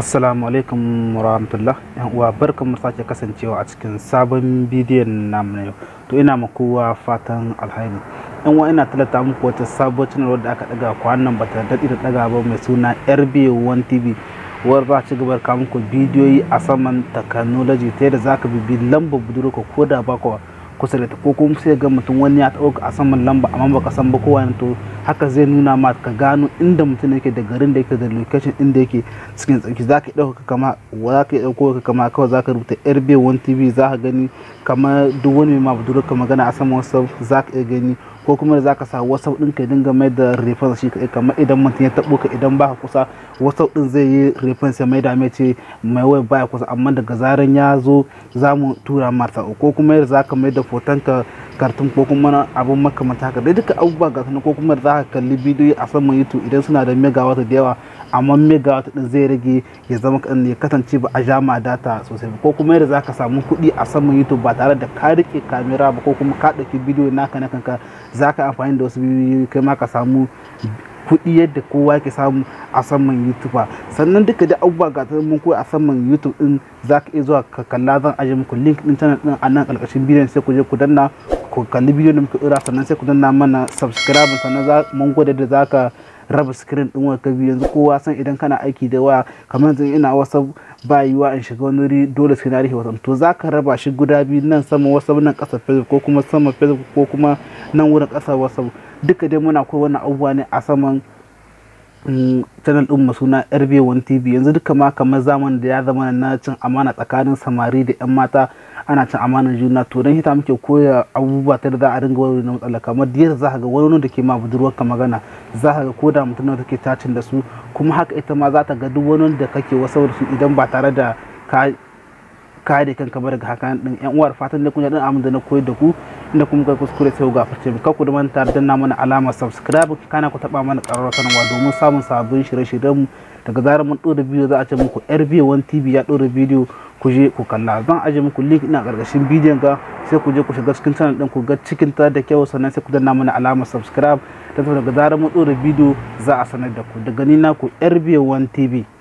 assalamu alaikum warahmatullah yan uwa barkan mu sake kasancewa a cikin sabon bidiyon namu na yau to ina ma kowa fatan alhaini yan uwa ina talata muku wata sabuwar channel da aka daga kwanan ba ta daɗi da daga ba mai suna rb1 tv war za ci gabar kawo muku bidiyoyi a saman technology ta yadda zaka ka bibi lambar budurka ko da ba kusa da ta ko kuma sai ga mutum wani ya ɗauka a saman lamba amma baka san ba kowa to haka zai nuna ma ka gano inda mutum yake da garin da yake da location inda yake cikin tsaki za ka ɗauka kama za ka ɗauko ka kama kawai za ka rubuta rb1 tv za ka gani kamar duk wani ma budurka magana a saman wasu za ka iya gani ko kuma da zaka sa wasau din ka dinga mai da reference shi kai kamar idan mutum ya tabo ka idan baka kusa wasau din zai yi reference mai da mai ce mai wai baya kusa amma daga zaran ya zo zamu tura masa ko kuma da zaka mai da foton ka Kartun ko kuma abun makamanta haka dai duka abubuwa ga ko kuma za ka kalli bidiyo a saman youtube idan suna da megawatt da yawa amma megawatt din zai rage ya zama ya kasance ba a jama data sosai ko kuma yadda za samu kuɗi a saman youtube ba tare da ka rike kamera ba ko kuma ka ɗauki bidiyo naka na kanka za amfani da wasu bidiyo kai ma ka samu kuɗi yadda kowa ke samu a saman youtube sannan duka da abubuwa ga ta mun koyi a saman youtube din za ka iya zuwa ka kalla zan ajiye muku link din channel din a nan ƙarƙashin bidiyon sai ku je ku danna ku kalli bidiyon da muka dora sannan sai ku danna mana subscribe sannan mun gode da zaka raba screen din waya ka yanzu kowa san idan kana aiki da waya kamar yanzu ina wasa ba in shiga wani wuri dole sai na rike wasan to zaka raba shi guda biyu nan sama wasa nan kasa facebook ko kuma sama facebook ko kuma nan wurin kasa wasa duka dai muna koyi wannan abubuwa ne a saman mm, channel din mu suna RB1 TV yanzu duka ma kamar zamanin da ya zama na cin amana tsakanin samari da 'yan mata ana cin amanar juna to don hita muke koya abubuwa ta da za a ringa wani na matsala kamar diyar za ga wani da ke ma budurwarka magana za ka ga ko da mutum da ke tacin da su kuma haka ita ma za ta ga duk wani da kake wasa da su idan ba tare da ka kare kanka ba daga hakan din yan uwar fatan da kun yadda amin da na koyar da ku inda kuma ga kuskure sai ga farce mu ku da manta da mana alama subscribe kana ku taba mana kararwa sanarwa domin samun sabbin shirye-shiryen mu daga zarar mun dora bidiyo za a ce muku yar 1 tv ya dora bidiyo ku je ku kalla zan aje muku link ina karkashin bidiyon ga sai ku je ku shiga cikin channel din ku ga cikin ta da kyau sannan sai ku danna mana alamar subscribe ta saboda daga zarar mu dora bidiyo za a sanar da ku daga ni na ku rb1 tv